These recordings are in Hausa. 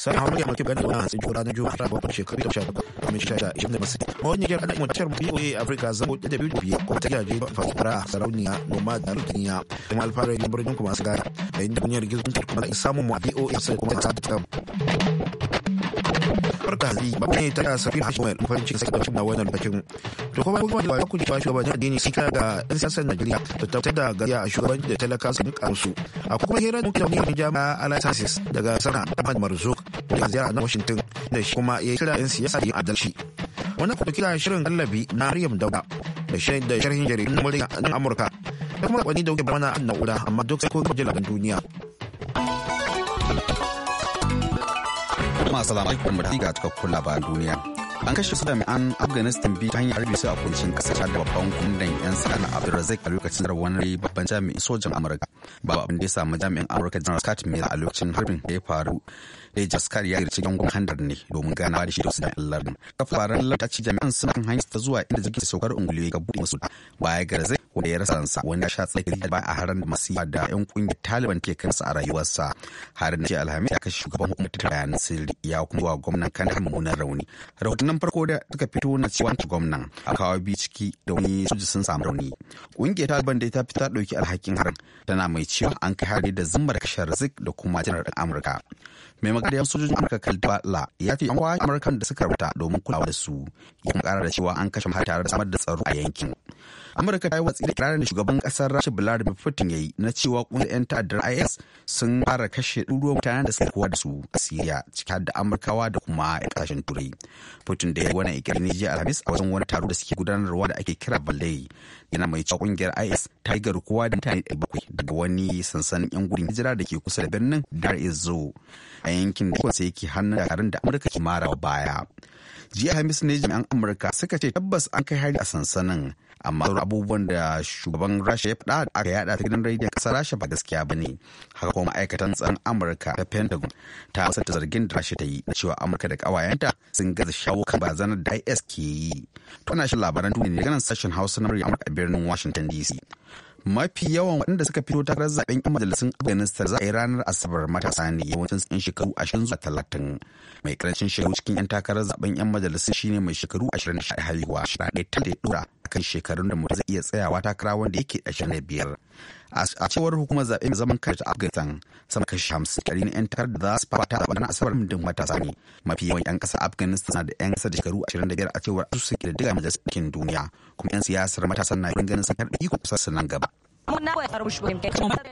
sai hamu ya mutu bane wannan tsinci ranar juma'a bakwai shekaru ta shafa a shasha ishirin da a mawani jar ana a a afirka zango da biyu biyu kuma ta a fasara sarauniya noma da rukuniya da ma alfahari na A kuma su gaya da inda kunyar gizon turkuma in samun mu a boa sai kuma ta ta farka zai ba ne ta safi a wani farin ciki sai ɗauki na wannan to kuma kuma da ku ba a addini sai ka ga ɗan sassan Najeriya da tabbatar da gariya a shugabanci da talaka su dinka su a kuma hira da mutane ne jama'a Alliances daga sana Ahmad Marzouk da ziyara na washington da shi kuma ya kira 'yan siyasa da yin adalci wani kuma kira shirin kallabi na maryam dauda da shirin jaridun na murya na amurka da kuma kwani da kuke bana an na'ura amma duk sai ko kuma jiragen duniya. Masu salamu alaikum da ga cikakkun labaran duniya. an kashe su jami'an afghanistan biyu ta hanyar harbi su a kuncin kasar da babban kundin yan sana abdulrazak a lokacin da wani babban jami'in sojan amurka ba abin da ya samu jami'in amurka jan scott miller a lokacin harbin da ya faru da ji ya yarci gangon handar ne domin gana da shi da wasu jami'an lardin kafaran lardin ta ci jami'an suna kan hanyar ta zuwa inda jirgin saukar ungulu ya gabu masu baya garzai wanda ya rasa sa wani ya sha tsaki ba a harin masu yawa da yan kungiyar taliban ke kansa a rayuwarsa na ce alhamis ya kashe shugaban hukumar bayanan sirri ya kuma wa gwamnan kan mummunan rauni rahotannin farko da suka fito na cewa gwamnan a kawo bi ciki da wani soja sun samu rauni kungiyar taliban da ta fita dauki alhakin harin tana mai cewa an kai hari da zimmar kashe rizik da kuma janar amurka mai magana sojojin amurka kalbala ya ce an kwaya amurkan da suka rubuta domin kulawa da su ya kuma kara da cewa an kashe tare da samar da tsaro a yankin amurka ta yi watsi da kirarin da shugaban kasar rasha vladimir putin ya yi na cewa ƙungiyar 'yan ta'addar is sun fara kashe ɗuruwar mutanen da suka kowa da su a syria ciki da amurkawa da kuma 'yan kasashen turai putin da ya yi wannan ikirin ne jiya alhamis a wajen wani taro da suke gudanarwa da ake kira balai yana mai cewa kungiyar is ta yi garkuwa da mutane bakwai daga wani sansanin 'yan gudun hijira da ke kusa da birnin dar es a yankin da sai yake hannun dakarun da amurka ke mara baya jiya hamis ne jami'an amurka suka ce tabbas an kai hari a sansanin amma sauran abubuwan da shugaban rasha ya faɗa da aka yada ta gidan rediyon ƙasar rasha ba gaskiya ba ne haka kuma ma'aikatan tsaron amurka ta pentagon ta wasanta zargin da rasha ta yi na cewa amurka da ƙawayenta sun gaza shawo kan barazanar da is ke yi to ana shi labaran duniya ne ganin sashen hausa na murya amurka a birnin washington dc mafi yawan waɗanda suka fito takarar zaben yan majalisun afghanistan za a yi ranar asabar matasa ne yawancin yan shekaru ashirin zuwa talatin mai karancin shekaru cikin yan takarar zaben yan majalisun shine mai shekaru ashirin da haihuwa shida ɗaya ya ɗora akan shekarun da mutum zai iya tsayawa takara wanda yake ashirin da biyar. A cewar hukumar zaɓe mai zaman kanta ta Afghanistan sama kashi hamsin ɗari na 'yan takar da za su fata a wannan asabar mutum matasa ne. Mafi yawan 'yan ƙasa Afghanistan na da 'yan ƙasa da shekaru ashirin da biyar a cewar asusun ƙididdiga majalisar ɗakin duniya kuma 'yan siyasar matasan na yin ganin sun karɓi iko kusa nan gaba. mun na koyar rushe bayan kai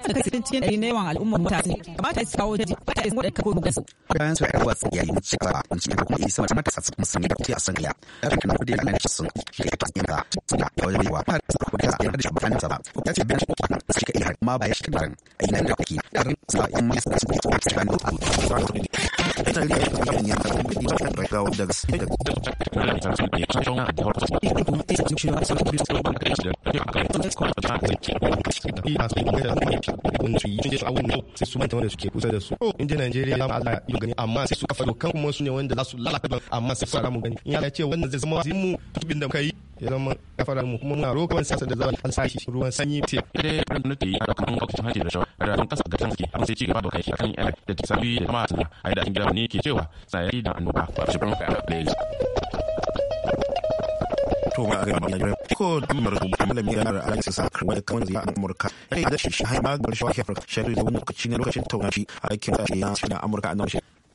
a san ma ba ya ya zama kafara mu kuma muna roƙon siyasa da zaman an sashi ruwan sanyi ce dai ran na a da kuma kwakwacin hanci da shawar da kan kasa ga tan an sai ci gaba da kai kan yana da tsabi da kuma suna ai da gida ne ke cewa sai da annoba ba shi A ka da to ba ga mai jira ko dumar rubutu malami da nar Alex Sakar wanda kan zai a Amurka sai da shi shi hai ma ga shi Afirka shi da lokacin lokacin taunaci a aikin da na Amurka a nan shi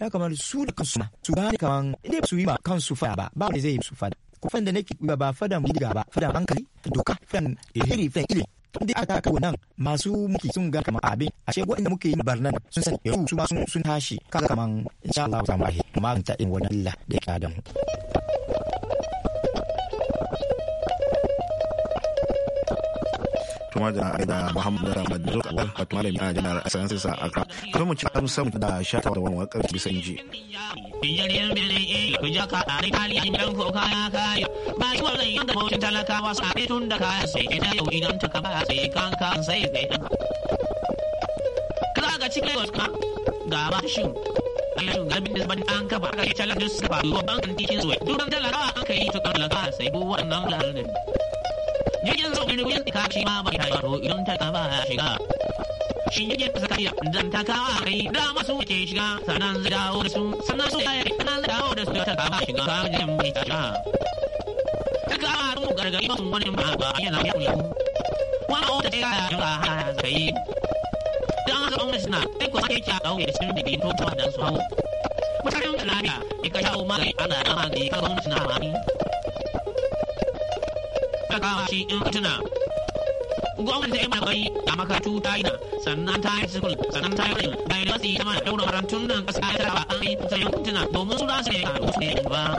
ya kamar su da kansu ma su gane kaman inda ba su yi ma kansu fada ba ba zai yi su fada ko da nake ba ba fadan diga ba fadan hankali doka fadan iri fadan tun da aka kawo nan masu muke sun ga kamar abin a shego inda muke yin nan sun san yau su ma sun tashi kaga kaman insha Allah mahi mu ta in wani. Allah da ya kada mu kuma da da Muhammad Ahmad Duk wato malami a janar Sciences a Accra kuma mu ci an samu da shata da wannan karfi bisa inji Injiniyan ka dan ko ba shi da ta kaba kai ba da yi da bankan titin zuwa an kai sai wannan lalarin jirgin zo jirgin yan tika shi ma ba ta yaro idan ta ba ya shiga Shin jirgin kasa kai dan ta kawa kai da masu ke shiga sanan zai dawo da su sanan su ya yi sanan dawo da su ta kawa shiga ka jirgin bai ta shiga ta kawa mu gargari masu wani ma ba yana ya kuya wani o ta ce ya yi ba ha kai dan haka gwamnati na kai kuma ke kya kauye sun da bin totuwa dan su hau mutanen da lafiya ya kashe hau magani ana da magani ka gwamnati na magani kawo shi in tuna gwamnati ta yi a makarantu ta yi na sannan ta yi sukul sannan ta yi rin da yi nasi ta mana nan ya an yi ta domin su a ne ba.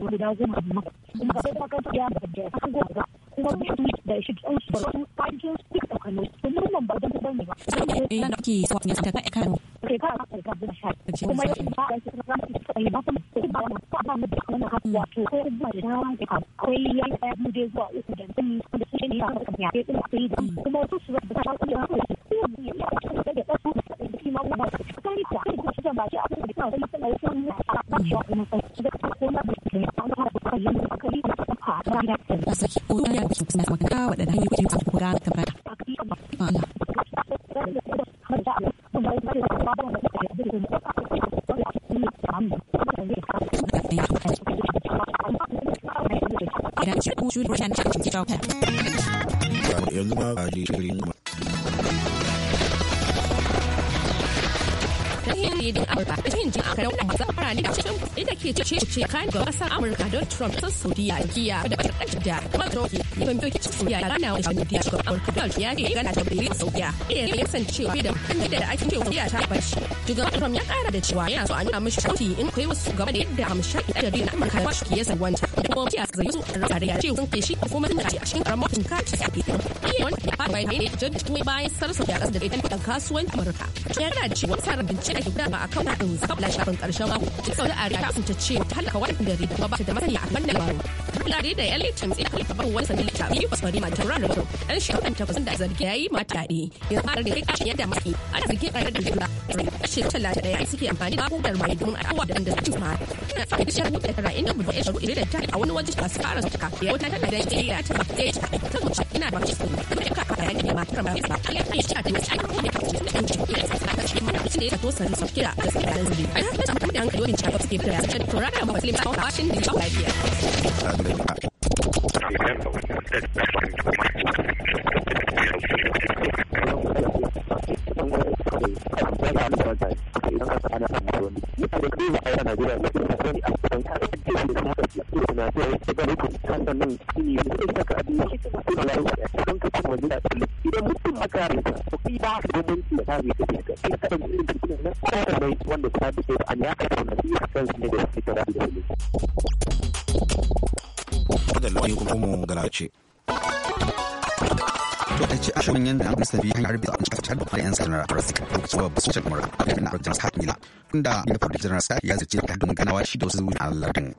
kamar guda goma a maka kuma ka sauka ya da ya goma ga kuma mutum da shi ɗan su bari kwanakin su duka ɗaukar nau kuma wannan ba don kuɗin ne ba. yana da ake sa ne ta kai kano. ka a ka ka bin sha kuma yau ba a cikin rafi su ba kuma ko ba wani ba ba da wani haka wato ko ba da dama da ka akwai ya yi ɗaya mu dai zuwa uku da zani kuma shi ne ya kan ya kai ɗin akwai dan kuma wasu su ba ta ba ko ya ya da da ɗan su da shi ma ba ta kai ka kai ka shi da ba ba ba su ki ko ya ki tsaya maka ka wadanda hanyoyi ta ba a da mutane a cikin ita ke ce ce kan ga Amurka don Trump kasar Saudiya giya da da matroki ban doki Saudiya gana wa Saudiya ga Amurka don ya ce gana ta bayyana Saudiya iya ya san cewa da inda da ake ce ya ta bashi juga Trump ya kara da cewa yana so a nuna mishi in kai wasu gaba da yadda amsha da na Amurka ba shi wanta kuma ki a zayo su a da sun kai shi kuma tun da a cikin karamar mutum ka ci iya wani ya fara bayan ne jan cikin bayan sarsa da da ɗan kuɗin kasuwanci Amurka ya da cewa ake gudanarwa a kan haɗin sabla shafin ƙarshen mako duk sau da a rika sun ta ce talaka waɗanda riba ba ta da a kan da baro Lare da yan litin tsaye kalli babu wani sanin ta biyu kwasfari ma ta ranar baro ɗan shekaru takwas da zargi ya yi mata da yadda mafi ana zargi ƙarar da jura kashi talatin ɗaya suke amfani da hudar mai domin a awa da ɗan da su ma. Ina fara da sharu da tara inda mutum ya sharu idan ta a wani waje masu fara suka ya wata tana da ya ta ba ta ta ta wuce ina ba a kuma ya kaka ya ne ba ta ba ta ya ta ta ta ta ko ne ta ce ta ce ta ta shi ma ta ne ta kira da su da zuri. Ai ta ta da hankali wajen ta suke kira ta to rana ba muslim ta ba shin da lafiya. ne zai saka abinci ko da don ka kanka kuma da tsalle idan mutum aka rika to kai ba ka da mun da zai ka fita kai ka da irin bikin nan ko da mai wanda ta bi ko an ya ka da shi kan shi da shi ta da shi da lafiya kuma mu galace ta ce a shirin yadda an fi sabi hanyar bisa an cikin da yan sanar a rasika a kasuwa basu cikin mura a kafin na rajin sa mila inda ya faru da jiran sa ya zace da ganawa shi da wasu zuwa a lardin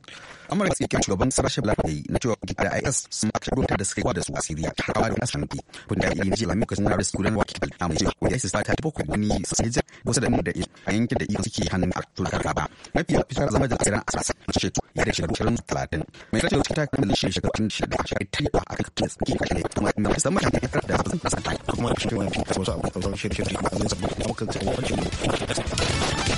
amurka ya kira shugaban kasar lafiya na cewa da is sun aka rubuta da suka da su a siriya ta hawa da kasar ki kun da yi ji lamu kasan rasu kudan wa kikal amma ce wanda isis ta ta boko wani sirja wasu da mun da a yankin da ikon suke hannun to da ba. mafi yawan fitar zama da asirin asas ce to ya da shekaru talatin. mai wasu ta kan da shekaru shi da ta yi ba a kan kes ki kace kuma da san mai da da zan da ta kuma shi ne wani fitar wasu a da kuma kan tsaya wani